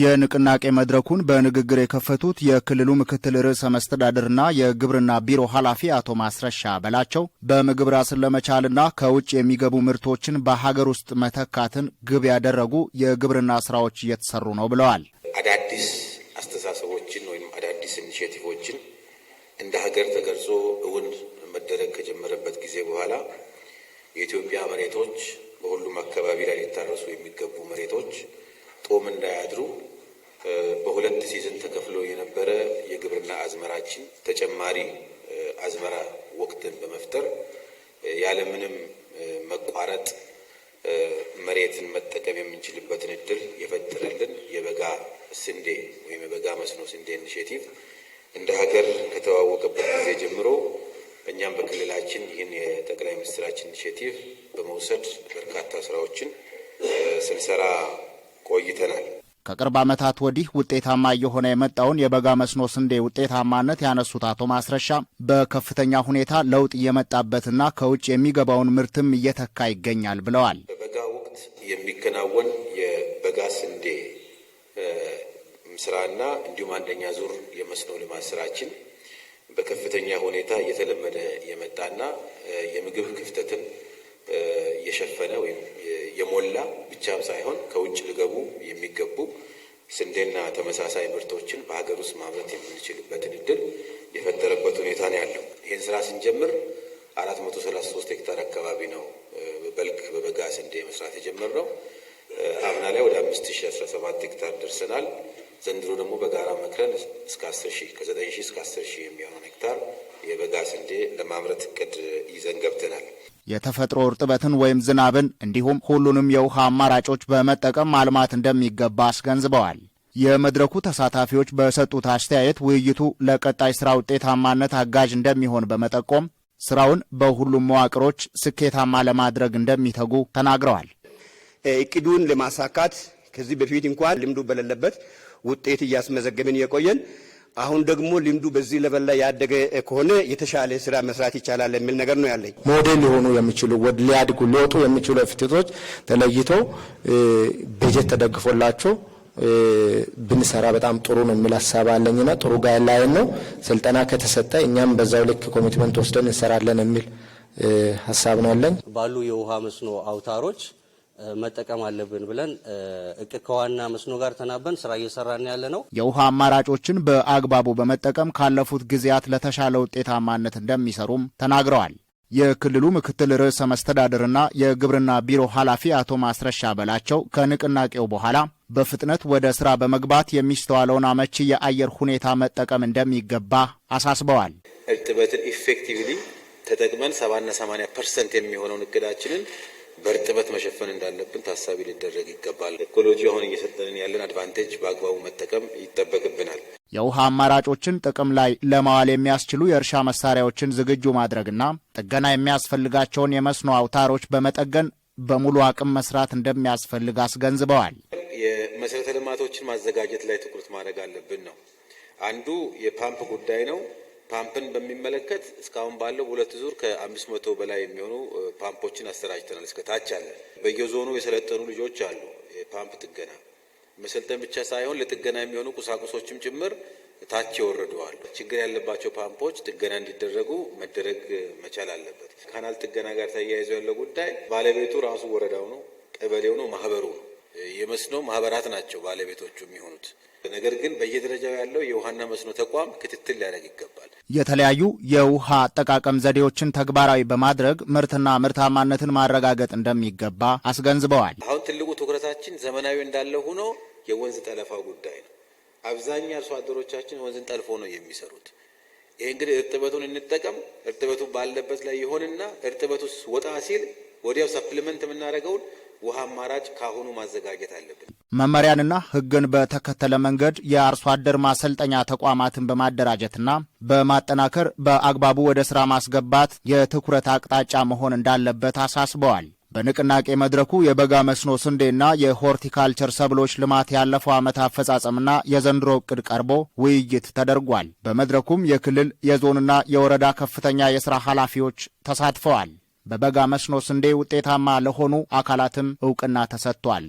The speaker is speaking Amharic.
የንቅናቄ መድረኩን በንግግር የከፈቱት የክልሉ ምክትል ርዕሰ መስተዳድርና የግብርና ቢሮ ኃላፊ አቶ ማስረሻ በላቸው በምግብ ራስን ለመቻልና ከውጭ የሚገቡ ምርቶችን በሀገር ውስጥ መተካትን ግብ ያደረጉ የግብርና ስራዎች እየተሰሩ ነው ብለዋል። አዳዲስ አስተሳሰቦችን ወይም አዳዲስ ኢኒሽቲቮችን እንደ ሀገር ተገርጾ እውን መደረግ ከጀመረበት ጊዜ በኋላ የኢትዮጵያ መሬቶች በሁሉም አካባቢ ላይ ሊታረሱ የሚገቡ መሬቶች ጦም እንዳያድሩ በሁለት ሲዝን ተከፍሎ የነበረ የግብርና አዝመራችን ተጨማሪ አዝመራ ወቅትን በመፍጠር ያለምንም መቋረጥ መሬትን መጠቀም የምንችልበትን እድል የፈጠረልን የበጋ ስንዴ ወይም የበጋ መስኖ ስንዴ ኢኒሽቲቭ እንደ ሀገር ከተዋወቀበት ጊዜ ጀምሮ እኛም በክልላችን ይህን የጠቅላይ ሚኒስትራችን ኢኒሽቲቭ በመውሰድ በርካታ ስራዎችን ስንሰራ ቆይተናል። ከቅርብ ዓመታት ወዲህ ውጤታማ እየሆነ የመጣውን የበጋ መስኖ ስንዴ ውጤታማነት ያነሱት አቶ ማስረሻ በከፍተኛ ሁኔታ ለውጥ እየመጣበትና ከውጭ የሚገባውን ምርትም እየተካ ይገኛል ብለዋል። በበጋ ወቅት የሚከናወን የበጋ ስንዴ ስራና እንዲሁም አንደኛ ዙር የመስኖ ልማት ስራችን በከፍተኛ ሁኔታ እየተለመደ የመጣና የምግብ ክፍተትን የሸፈነ ወይም የሞላ ብቻም ሳይሆን ከውጭ ሊገቡ የሚገቡ ስንዴና ተመሳሳይ ምርቶችን በሀገር ውስጥ ማምረት የምንችልበትን እድል የፈጠረበት ሁኔታ ነው ያለው። ይህን ስራ ስንጀምር አራት መቶ ሰላሳ ሶስት ሄክታር አካባቢ ነው በልግ በበጋ ስንዴ መስራት የጀመርነው። አምና ላይ ወደ አምስት ሺ አስራ ሰባት ሄክታር ደርሰናል። ዘንድሮ ደግሞ በጋራ መክረን እስከ አስር ሺ ከዘጠኝ ሺ እስከ አስር ሺ የሚሆነውን ሄክታር የበጋ ስንዴ ለማምረት እቅድ ይዘን ገብተናል። የተፈጥሮ እርጥበትን ወይም ዝናብን እንዲሁም ሁሉንም የውሃ አማራጮች በመጠቀም ማልማት እንደሚገባ አስገንዝበዋል። የመድረኩ ተሳታፊዎች በሰጡት አስተያየት ውይይቱ ለቀጣይ ስራ ውጤታማነት አጋዥ እንደሚሆን በመጠቆም ስራውን በሁሉም መዋቅሮች ስኬታማ ለማድረግ እንደሚተጉ ተናግረዋል። እቅዱን ለማሳካት ከዚህ በፊት እንኳን ልምዱ በሌለበት ውጤት እያስመዘገብን የቆየን አሁን ደግሞ ልምዱ በዚህ ለበል ላይ ያደገ ከሆነ የተሻለ ስራ መስራት ይቻላል የሚል ነገር ነው ያለኝ። ሞዴል ሊሆኑ የሚችሉ ወድ ሊያድጉ ሊወጡ የሚችሉ ፍትቶች ተለይተው በጀት ተደግፎላቸው ብንሰራ በጣም ጥሩ ነው የሚል ሀሳብ አለኝና ጥሩ ጋ ላይን ነው ስልጠና ከተሰጠ እኛም በዛው ልክ ኮሚትመንት ወስደን እንሰራለን የሚል ሀሳብ ነው ያለኝ። ባሉ የውሃ መስኖ አውታሮች መጠቀም አለብን ብለን እቅ ከዋና መስኖ ጋር ተናበን ስራ እየሰራን ያለ ነው። የውሃ አማራጮችን በአግባቡ በመጠቀም ካለፉት ጊዜያት ለተሻለ ውጤታማነት እንደሚሰሩም ተናግረዋል። የክልሉ ምክትል ርዕሰ መስተዳድርና የግብርና ቢሮ ኃላፊ አቶ ማስረሻ በላቸው ከንቅናቄው በኋላ በፍጥነት ወደ ስራ በመግባት የሚስተዋለውን አመቺ የአየር ሁኔታ መጠቀም እንደሚገባ አሳስበዋል። እርጥበትን ኢፌክቲቭሊ ተጠቅመን ሰባና ሰማንያ ፐርሰንት የሚሆነውን እቅዳችንን በእርጥበት መሸፈን እንዳለብን ታሳቢ ሊደረግ ይገባል። ኢኮሎጂ አሁን እየሰጠንን ያለን አድቫንቴጅ በአግባቡ መጠቀም ይጠበቅብናል። የውሃ አማራጮችን ጥቅም ላይ ለማዋል የሚያስችሉ የእርሻ መሳሪያዎችን ዝግጁ ማድረግና ጥገና የሚያስፈልጋቸውን የመስኖ አውታሮች በመጠገን በሙሉ አቅም መስራት እንደሚያስፈልግ አስገንዝበዋል። የመሰረተ ልማቶችን ማዘጋጀት ላይ ትኩረት ማድረግ አለብን ነው አንዱ የፓምፕ ጉዳይ ነው። ፓምፕን በሚመለከት እስካሁን ባለው ሁለት ዙር ከአምስት መቶ በላይ የሚሆኑ ፓምፖችን አሰራጭተናል። እስከ ታች አለ። በየዞኑ የሰለጠኑ ልጆች አሉ። የፓምፕ ጥገና መሰልጠን ብቻ ሳይሆን ለጥገና የሚሆኑ ቁሳቁሶችም ጭምር ታች የወረደዋል። ችግር ያለባቸው ፓምፖች ጥገና እንዲደረጉ መደረግ መቻል አለበት። ካናል ጥገና ጋር ተያይዞ ያለው ጉዳይ ባለቤቱ ራሱ ወረዳው ነው፣ ቀበሌው ነው፣ ማህበሩ ነው። የመስኖ ማህበራት ናቸው ባለቤቶቹ የሚሆኑት። ነገር ግን በየደረጃው ያለው የውሃና መስኖ ተቋም ክትትል ሊያደርግ ይገባል። የተለያዩ የውሃ አጠቃቀም ዘዴዎችን ተግባራዊ በማድረግ ምርትና ምርታማነትን ማረጋገጥ እንደሚገባ አስገንዝበዋል። አሁን ትልቁ ትኩረታችን ዘመናዊ እንዳለ ሆኖ የወንዝ ጠለፋ ጉዳይ ነው። አብዛኛ አርሶ አደሮቻችን ወንዝን ጠልፎ ነው የሚሰሩት። ይህ እንግዲህ እርጥበቱን እንጠቀም፣ እርጥበቱ ባለበት ላይ ይሆንና እርጥበቱ ወጣ ሲል ወዲያው ሰፕሊመንት የምናደርገውን ውሃ አማራጭ ከአሁኑ ማዘጋጀት አለብን። መመሪያንና ሕግን በተከተለ መንገድ የአርሶ አደር ማሰልጠኛ ተቋማትን በማደራጀትና በማጠናከር በአግባቡ ወደ ሥራ ማስገባት የትኩረት አቅጣጫ መሆን እንዳለበት አሳስበዋል። በንቅናቄ መድረኩ የበጋ መስኖ ስንዴና የሆርቲካልቸር ሰብሎች ልማት ያለፈው ዓመት አፈጻጸምና የዘንድሮ እቅድ ቀርቦ ውይይት ተደርጓል። በመድረኩም የክልል የዞንና የወረዳ ከፍተኛ የሥራ ኃላፊዎች ተሳትፈዋል። በበጋ መስኖ ስንዴ ውጤታማ ለሆኑ አካላትም ዕውቅና ተሰጥቷል።